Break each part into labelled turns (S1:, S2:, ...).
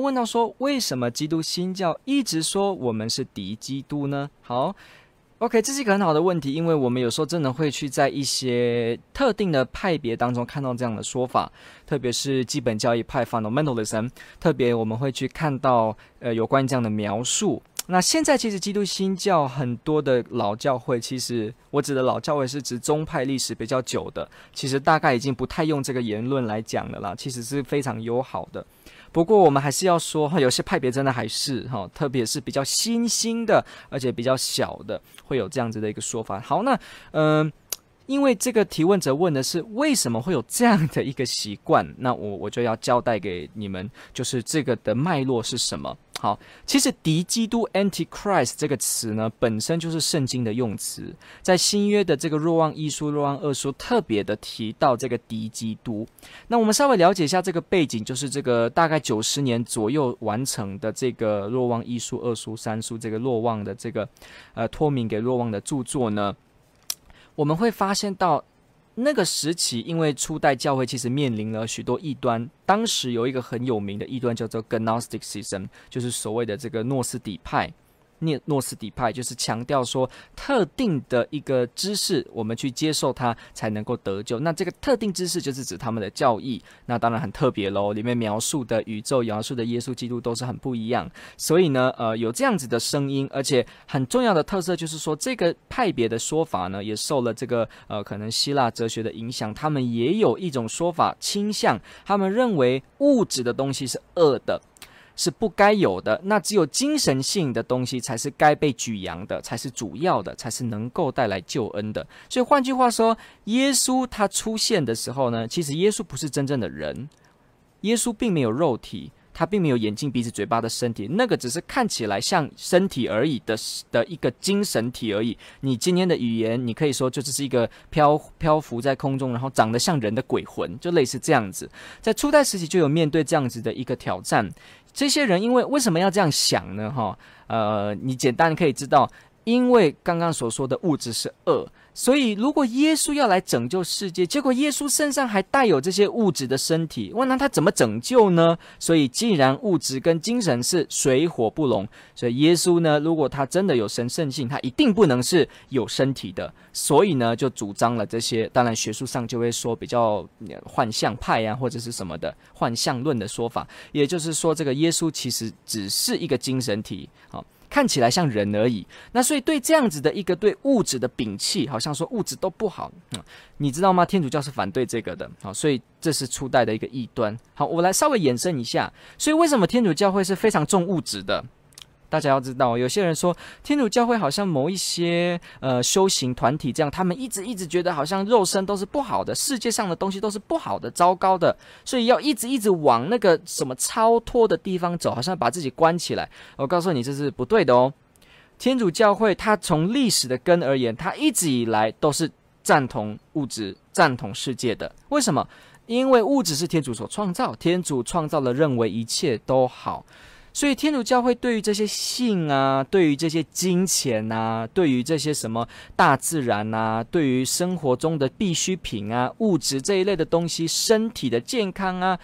S1: 問到說，為什麼基督新教一直說我們是敵基督呢？好，OK，這是一個很好的問題，因為我們有時候真的會去在一些特定的派別當中看到這樣的說法，特別是基本教義派 （Fundamentalism）， 特別我們會去看到呃有關這樣的描述。那現在其實基督新教很多的老教會，其實我指的老教會是指宗派歷史比較久的，其實大概已經不太用這個言論來講了啦，其實是非常友好的。不過我們還是要說，有些派別真的還是哈，特別是比較新興的，而且比較小的，會有這樣子的一個說法。好，那嗯。呃因為這個提問者問的是為什麼會有這樣的一個習慣，那我我就要交代給你們，就是這個的脈絡是什麼。好，其實“敵基督 ”（Antichrist） 這個詞呢，本身就是聖經的用詞，在新約的這個《若望一書》《若望二書》特別的提到這個敵基督。那我們稍微了解一下這個背景，就是這個大概九十年左右完成的這個《若望一書》《二書》《三書》這個，這個若望的這個呃托名給若望的著作呢。我們會發現到，那個時期，因為初代教會其實面臨了許多異端。當時有一個很有名的異端叫做 Gnosticism，就是所謂的這個諾斯底派。涅諾斯底派就是強調說，特定的一個知識，我們去接受它才能夠得救。那這個特定知識就是指他們的教義，那當然很特別嘍。裡面描述的宇宙、描述的耶穌基督都是很不一樣。所以呢，呃，有這樣子的聲音，而且很重要的特色就是說，這個派別的說法呢，也受了這個呃，可能希臘哲學的影響。他們也有一種說法傾向，他們認為物質的東西是惡的。是不該有的，那只有精神性的東西才是該被舉揚的，才是主要的，才是能夠帶來救恩的。所以換句話說，耶穌他出現的時候呢，其實耶穌不是真正的人，耶穌並沒有肉體。他並沒有眼睛、鼻子、嘴巴的身體，那個只是看起來像身體而已的，的一個精神體而已。你今天的語言，你可以說，就是是一個漂漂浮在空中，然後長得像人的鬼魂，就類似這樣子。在初代時期就有面對這樣子的一個挑戰，這些人因為為什麼要這樣想呢？哈，呃，你簡單可以知道，因為剛剛所說的物質是惡。所以，如果耶穌要來拯救世界，結果耶穌身上還帶有這些物質的身體，問那他怎麼拯救呢？所以，既然物質跟精神是水火不容，所以耶穌呢，如果他真的有神聖性，他一定不能是有身體的。所以呢，就主張了這些。當然，學術上就會說比較幻象派啊，或者是什麼的幻象論的說法。也就是說，這個耶穌其實只是一個精神體。好、啊。看起來像人而已，那所以對這樣子的一個對物質的摒棄，好像說物質都不好，嗯，你知道嗎？天主教是反對這個的啊，所以這是初代的一個異端。好，我來稍微延伸一下，所以為什麼天主教會是非常重物質的？大家要知道，有些人說天主教會好像某一些呃修行團體這樣，他們一直一直覺得好像肉身都是不好的，世界上的東西都是不好的、糟糕的，所以要一直一直往那個什麼超脫的地方走，好像把自己關起來。我告訴你，這是不對的哦。天主教會它從歷史的根而言，它一直以來都是贊同物質、贊同世界的。為什麼？因為物質是天主所創造，天主創造了，認為一切都好。所以天主教會對於這些性啊，對於這些金錢吶、啊，對於這些什麼大自然吶、啊，對於生活中的必需品啊、物質這一類的東西，身體的健康啊，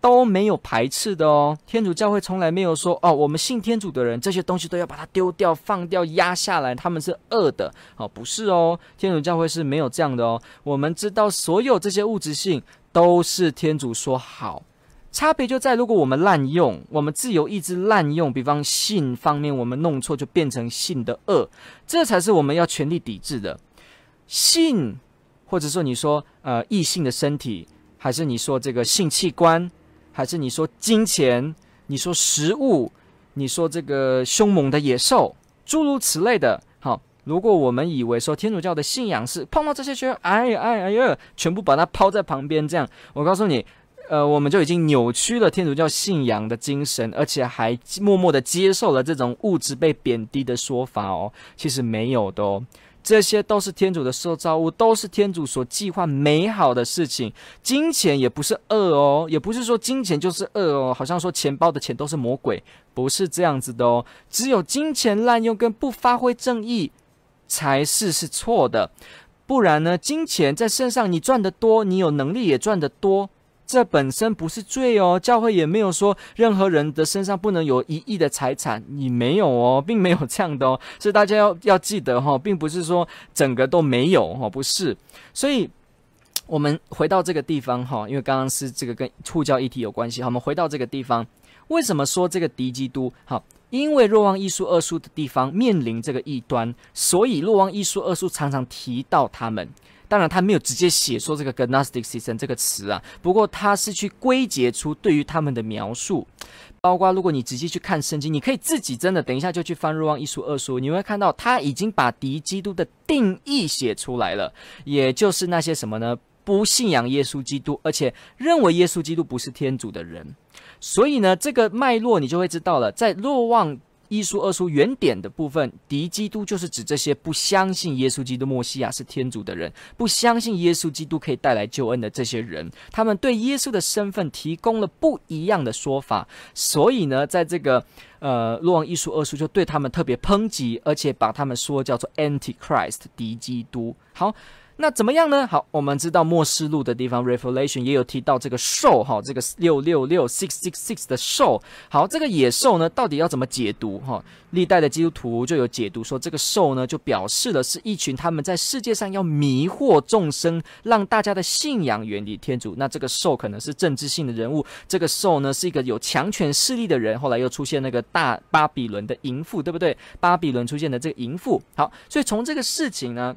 S1: 都沒有排斥的哦。天主教會從來沒有說哦，我們信天主的人這些東西都要把它丟掉、放掉、壓下來，他們是惡的。哦，不是哦，天主教會是沒有這樣的哦。我們知道所有這些物質性都是天主說好。差別就在，如果我們濫用我們自由意志，濫用，比方性方面，我們弄錯就變成性的惡，這才是我們要全力抵制的性，或者說你說呃異性的身體，還是你說這個性器官，還是你說金錢，你說食物，你說這個兇猛的野獸，諸如此類的。好，如果我們以為說天主教的信仰是碰到這些就哎呀哎呀哎呀，全部把它拋在旁邊，這樣，我告訴你。呃，我們就已經扭曲了天主教信仰的精神，而且還默默的接受了這種物質被貶低的說法哦。其實沒有的哦，這些都是天主的受造物，都是天主所計劃美好的事情。金錢也不是惡哦，也不是說金錢就是惡哦，好像說錢包的錢都是魔鬼，不是這樣子的哦。只有金錢濫用跟不發揮正義才是是錯的，不然呢，金錢在身上你賺得多，你有能力也賺得多。這本身不是罪哦，教會也沒有說任何人的身上不能有一億的財產，你沒有哦，並沒有這樣的哦，所以大家要要記得哈、哦，並不是說整個都沒有哈、哦，不是，所以我們回到這個地方哈、哦，因為剛剛是這個跟護教議題有關係，好，我們回到這個地方，為什麼說這個敵基督？好。因為若望一書、二書的地方面臨這個異端，所以若望一書、二書常常提到他們。當然，他沒有直接寫說這個 Gnosticism 這個詞啊，不過他是去歸結出對於他們的描述。包括如果你直接去看聖經，你可以自己真的等一下就去翻若望一書、二書，你會看到他已經把敵基督的定義寫出來了，也就是那些什麼呢？不信仰耶穌基督，而且認為耶穌基督不是天主的人，所以呢，這個脈絡你就會知道了。在《若望一書》《二書》原點的部分，敵基督就是指這些不相信耶穌基督、默西亞是天主的人，不相信耶穌基督可以帶來救恩的這些人。他們對耶穌的身份提供了不一樣的說法，所以呢，在這個呃《若望一書》《二書》就對他們特別抨擊，而且把他們說叫做 “Antichrist” 敵基督。好。那怎麼樣呢？好，我們知道默示錄的地方《Revelation》也有提到這個獸哈，這個六六六 six six six 的獸。好，這個野獸呢，到底要怎麼解讀哈？歷代的基督徒就有解讀說，這個獸呢，就表示了是一群他們在世界上要迷惑眾生，讓大家的信仰遠離天主。那這個獸可能是政治性的人物，這個獸呢是一個有強權勢力的人。後來又出現那個大巴比倫的淫婦，對不對？巴比倫出現的這個淫婦。好，所以從這個事情呢。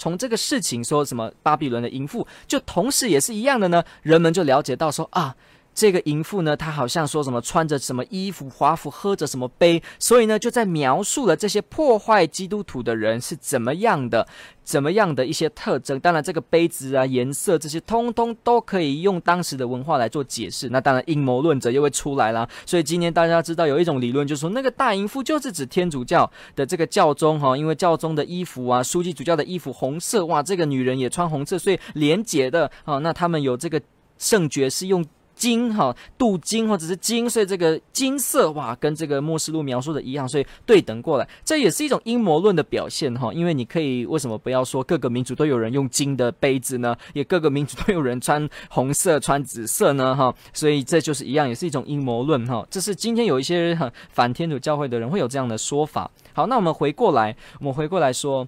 S1: 從這個事情說什麼巴比倫的淫婦，就同時也是一樣的呢，人們就了解到說啊。這個淫婦呢，她好像說什麼穿着什麼衣服，華服，喝着什麼杯，所以呢，就在描述了這些破壞基督徒的人是怎麼樣的，怎麼樣的一些特徵。當然，這個杯子啊，顏色這些，通通都可以用當時的文化來做解釋。那當然，陰謀論者又會出來啦。所以今天大家知道有一種理論，就是說那個大淫婦就是指天主教的這個教宗哈，因為教宗的衣服啊，樞機主教的衣服紅色，哇，這個女人也穿紅色，所以連結的啊。那他們有這個聖爵是用。金哈鍍、哦、金或者是金，所以這個金色哇，跟這個默示錄描述的一樣，所以對等過來，這也是一種陰謀論的表現哈、哦。因為你可以為什麼不要說各個民族都有人用金的杯子呢？也各個民族都有人穿紅色、穿紫色呢哈、哦。所以這就是一樣，也是一種陰謀論哈、哦。這是今天有一些反天主教會的人會有這樣的說法。好，那我們回過來，我們回過來說，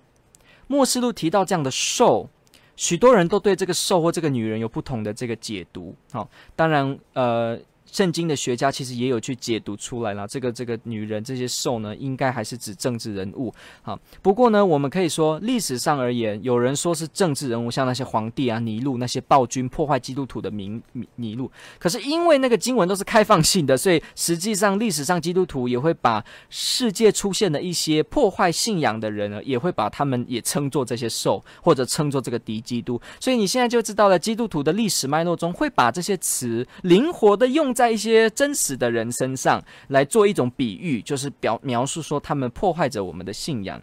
S1: 默示錄提到這樣的獸。許多人都對這個獸或這個女人有不同的這個解讀，好、哦，當然，呃。聖經的學家其實也有去解讀出來了，這個這個女人這些獸呢，應該還是指政治人物啊。不過呢，我們可以說歷史上而言，有人說是政治人物，像那些皇帝啊、尼祿那些暴君破壞基督徒的名尼祿。可是因為那個經文都是開放性的，所以實際上歷史上基督徒也會把世界出現的一些破壞信仰的人呢，也會把他們也稱作這些獸，或者稱作這個敵基督。所以你現在就知道了，基督徒的歷史脈絡中會把這些詞靈活地用在在一些真實的人身上來做一種比喻，就是表描述說他們破壞着我們的信仰，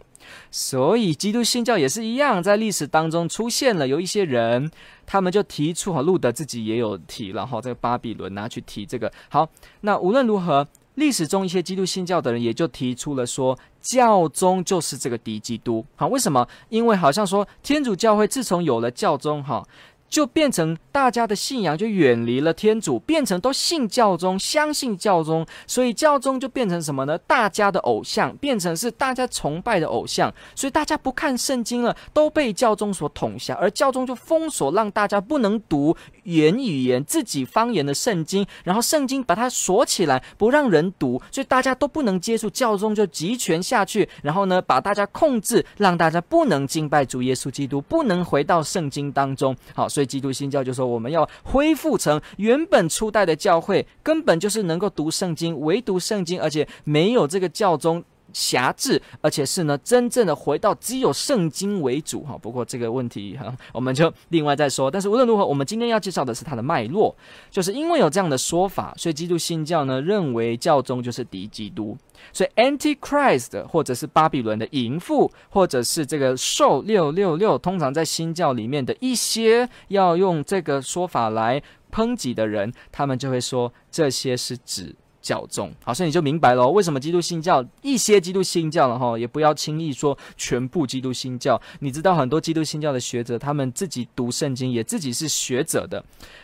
S1: 所以基督新教也是一樣，在歷史當中出現了有一些人，他們就提出哈，路德自己也有提，然後這個巴比倫拿去提這個。好，那無論如何，歷史中一些基督新教的人也就提出了說，教宗就是這個敵基督。好，為什麼？因為好像說天主教會自從有了教宗哈。就變成大家的信仰就遠離了天主，變成都信教宗，相信教宗，所以教宗就變成什麼呢？大家的偶像，變成是大家崇拜的偶像，所以大家不看聖經了，都被教宗所統轄，而教宗就封鎖，讓大家不能讀原語言自己方言的聖經，然後聖經把它鎖起來不讓人讀，所以大家都不能接觸，教宗就集權下去，然後呢，把大家控制，讓大家不能敬拜主耶穌基督，不能回到聖經當中，好，所以基督新教就說，我們要恢復成原本初代的教會，根本就是能夠讀聖經，唯獨聖經，而且沒有這個教宗。狹制，而且是呢，真正的回到只有聖經為主哈。不過這個問題哈，我們就另外再說。但是無論如何，我們今天要介紹的是它的脈絡，就是因為有這樣的說法，所以基督新教呢認為教宗就是敵基督，所以 Antichrist 或者是巴比倫的淫婦，或者是這個獸六六六，通常在新教裡面的一些要用這個說法來抨擊的人，他們就會說這些是指。教宗。好像你就明白了，為什麼基督新教，一些基督新教了吼，也不要輕易說全部基督新教。你知道很多基督新教的學者，他們自己讀聖經，也自己是學者的，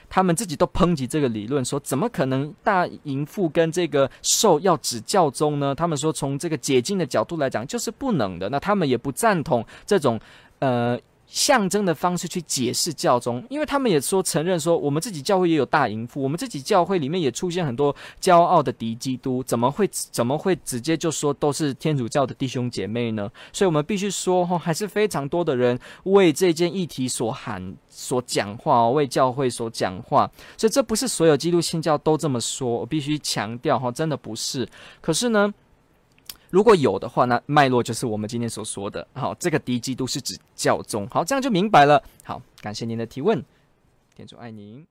S1: 他們自己都抨擊這個理論說，說怎麼可能大淫婦跟這個獸要指教宗呢？他們說從這個解經的角度來講，就是不能的。那他們也不贊同這種，呃。象徵的方式去解釋教宗，因為他們也說承認說，我們自己教會也有大淫婦，我們自己教會裡面也出現很多驕傲的敵基督，怎麼會怎麼會直接就說都是天主教的弟兄姐妹呢？所以我們必須說哈，還是非常多的人為這件議題所喊、所講話，為教會所講話。所以這不是所有基督新教都這麼說，我必須強調哈，真的不是。可是呢，如果有的話，那脈絡就是我們今天所說的。好，這個敵基督是指教宗。好，這樣就明白了。好，感謝您的提問，天主愛您。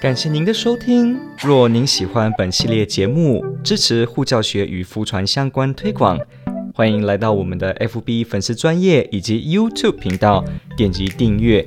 S1: 感謝您的收聽。若您喜歡本系列節目，支持護教學與福傳相關推廣，歡迎來到我們的 FB 粉絲專頁以及 YouTube 頻道，點擊訂閱。